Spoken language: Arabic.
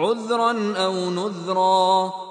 عذرا او نذرا